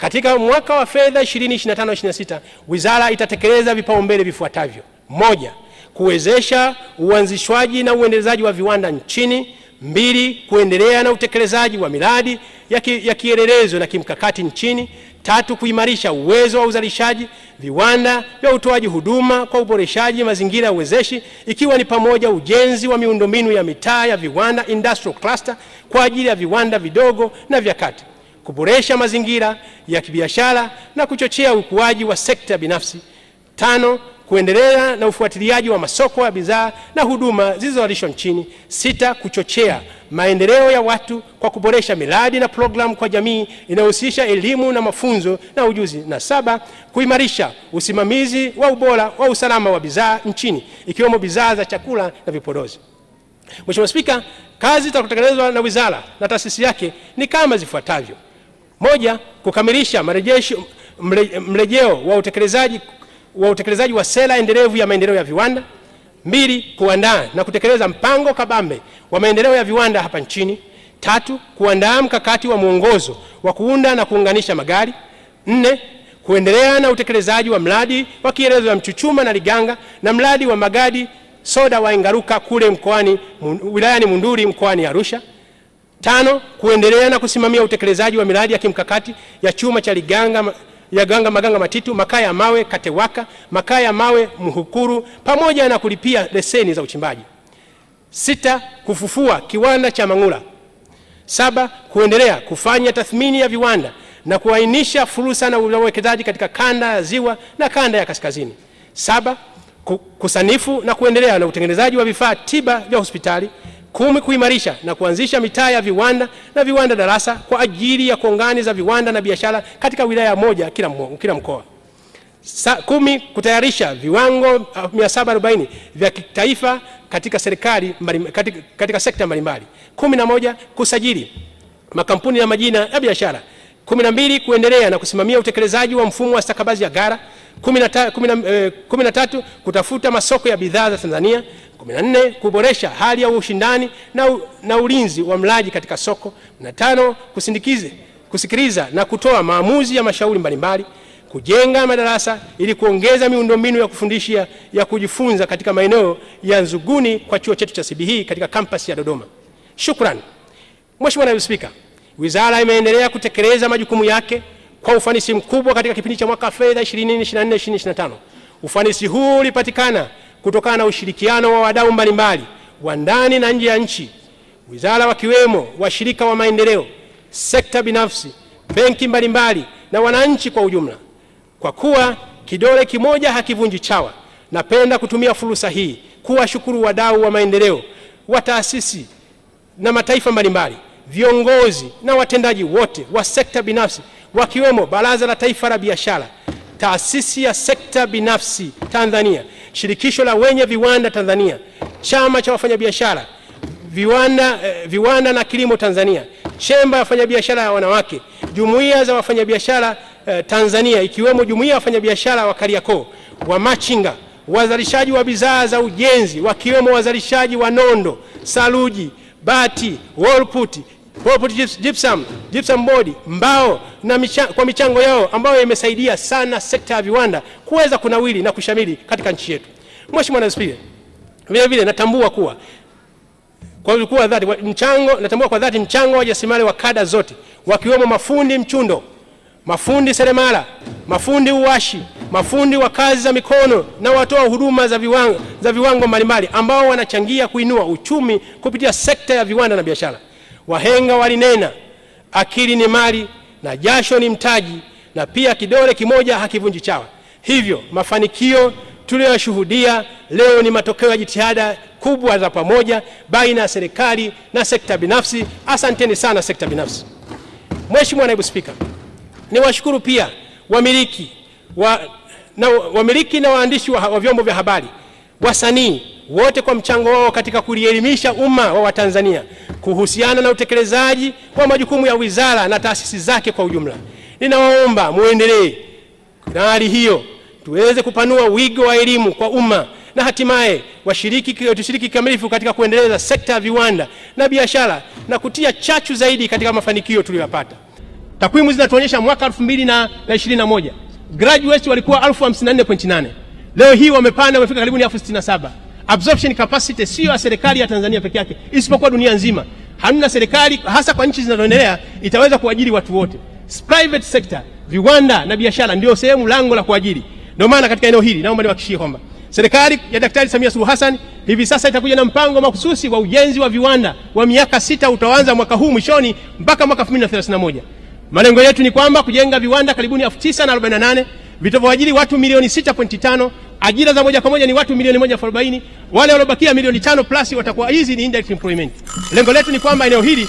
Katika mwaka wa fedha 2025/26 wizara itatekeleza vipaumbele vifuatavyo: moja, kuwezesha uanzishwaji na uendelezaji wa viwanda nchini; mbili, kuendelea na utekelezaji wa miradi ya, ki, ya kielelezo na kimkakati nchini; tatu, kuimarisha uwezo wa uzalishaji viwanda vya utoaji huduma kwa uboreshaji mazingira ya uwezeshi ikiwa ni pamoja ujenzi wa miundombinu ya mitaa ya viwanda industrial cluster kwa ajili ya viwanda vidogo na vya kati kuboresha mazingira ya kibiashara na kuchochea ukuaji wa sekta binafsi. Tano, kuendelea na ufuatiliaji wa masoko ya bidhaa na huduma zilizozalishwa nchini. Sita, kuchochea maendeleo ya watu kwa kuboresha miradi na programu kwa jamii inayohusisha elimu na mafunzo na ujuzi. Na saba, kuimarisha usimamizi wa ubora wa usalama wa bidhaa nchini ikiwemo bidhaa za chakula na vipodozi. Mheshimiwa Spika, kazi zitakazotekelezwa na wizara na taasisi yake ni kama zifuatavyo. Moja, kukamilisha marejesho mrejeo wa utekelezaji wa utekelezaji wa sera endelevu ya maendeleo ya viwanda. Mbili, kuandaa na kutekeleza mpango kabambe wa maendeleo ya viwanda hapa nchini. Tatu, kuandaa mkakati wa mwongozo wa kuunda na kuunganisha magari. Nne, kuendelea na utekelezaji wa mradi wa kielezo ya Mchuchuma na Liganga na mradi wa magadi soda wa Engaruka kule mkoani wilayani Munduri mkoani Arusha. Tano, kuendelea na kusimamia utekelezaji wa miradi ya kimkakati ya chuma cha Liganga ya Ganga Maganga Matitu, makaa ya mawe Katewaka, makaa ya mawe Mhukuru, pamoja na kulipia leseni za uchimbaji. Sita, kufufua kiwanda cha Mang'ula. Saba, kuendelea kufanya tathmini ya viwanda na kuainisha fursa na uwekezaji katika kanda ya ziwa na kanda ya kaskazini. Saba, kusanifu na kuendelea na utengenezaji wa vifaa tiba vya hospitali kumi, kuimarisha na kuanzisha mitaa ya viwanda na viwanda darasa kwa ajili ya kongani za viwanda na biashara katika wilaya moja kila, kila mkoa. Sa, kumi, kutayarisha viwango 740 uh, vya kitaifa katika serikali katika, katika sekta mbalimbali. kumi na moja, kusajili makampuni ya majina ya biashara 12 kuendelea na kusimamia utekelezaji wa mfumo wa stakabadhi ya gara 13 eh, kutafuta masoko ya bidhaa za Tanzania 14 kuboresha hali ya ushindani na, na ulinzi wa mlaji katika soko 15 kusindikize kusikiliza na kutoa maamuzi ya mashauri mbalimbali kujenga madarasa ili kuongeza miundombinu ya kufundishia ya kujifunza katika maeneo ya Nzuguni kwa chuo chetu cha CBE katika kampasi ya Dodoma. Shukrani Mheshimiwa Naibu Spika. Wizara imeendelea kutekeleza majukumu yake kwa ufanisi mkubwa katika kipindi cha mwaka fedha 2024 2025. Ufanisi huu ulipatikana kutokana na ushirikiano wa wadau mbalimbali wa ndani na nje ya nchi, wizara wakiwemo washirika wa maendeleo, sekta binafsi, benki mbalimbali na wananchi kwa ujumla. Kwa kuwa kidole kimoja hakivunji chawa, napenda kutumia fursa hii kuwashukuru wadau wa maendeleo wa taasisi na mataifa mbalimbali viongozi na watendaji wote wa sekta binafsi wakiwemo Baraza la Taifa la Biashara, Taasisi ya Sekta Binafsi Tanzania, Shirikisho la Wenye Viwanda Tanzania, Chama cha Wafanyabiashara viwanda, eh, viwanda na Kilimo Tanzania, Chemba ya Wafanyabiashara ya Wanawake, Jumuiya za Wafanyabiashara eh, Tanzania ikiwemo Jumuiya ya Wafanyabiashara wa Kariakoo, Wamachinga, wazalishaji wa bidhaa za ujenzi wakiwemo wazalishaji wa nondo, saruji, bati, wallput, Port Gypsum, Gypsum Board, mbao na micha, kwa michango yao ambayo imesaidia sana sekta ya viwanda kuweza kunawili na kushamili katika nchi yetu. Mheshimiwa Naibu Spika, vile vile natambua kuwa kwa kuwa dhati mchango natambua kwa dhati mchango wa jasimali wa kada zote wakiwemo mafundi mchundo, mafundi seremala, mafundi uwashi, mafundi wa kazi za mikono na watoa huduma za viwango, za viwango mbalimbali ambao wanachangia kuinua uchumi kupitia sekta ya viwanda na biashara. Wahenga walinena akili ni mali na jasho ni mtaji, na pia kidole kimoja hakivunji chawa. Hivyo mafanikio tuliyoyashuhudia leo ni matokeo ya jitihada kubwa za pamoja baina ya serikali na sekta binafsi. Asanteni sana sekta binafsi. Mheshimiwa Naibu Spika, niwashukuru pia wamiliki wa, na, wamiliki na waandishi wa, wa vyombo vya habari, wasanii wote kwa mchango wao katika kulielimisha umma wa Watanzania kuhusiana na utekelezaji wa majukumu ya wizara na taasisi zake kwa ujumla. Ninawaomba muendelee na hali hiyo, tuweze kupanua wigo wa elimu kwa umma na hatimaye tushiriki kikamilifu katika kuendeleza sekta ya viwanda na biashara na kutia chachu zaidi katika mafanikio tuliyopata. Takwimu zinatuonyesha mwaka 2021 graduates walikuwa elfu leo hii wamepanda wamefika karibu ni 67 absorption capacity sio ya serikali ya Tanzania peke yake, isipokuwa dunia nzima. Hamna serikali hasa kwa nchi zinazoendelea itaweza kuajiri watu wote. Private sector, viwanda na biashara ndio sehemu lango la kuajiri. Ndio maana katika eneo hili naomba niwahakikishie kwamba serikali ya Daktari Samia Suluhu Hassan hivi sasa itakuja na mpango mahususi wa ujenzi wa viwanda wa miaka sita utaanza mwaka huu mwishoni mpaka mwaka 2031. Malengo yetu ni kwamba kujenga viwanda karibuni 9,048 vitavyoajiri watu milioni 6.5 Ajira za moja kwa moja ni watu milioni moja elfu arobaini. Wale waliobakia milioni tano plus watakuwa hizi ni indirect employment. Lengo letu ni kwamba eneo hili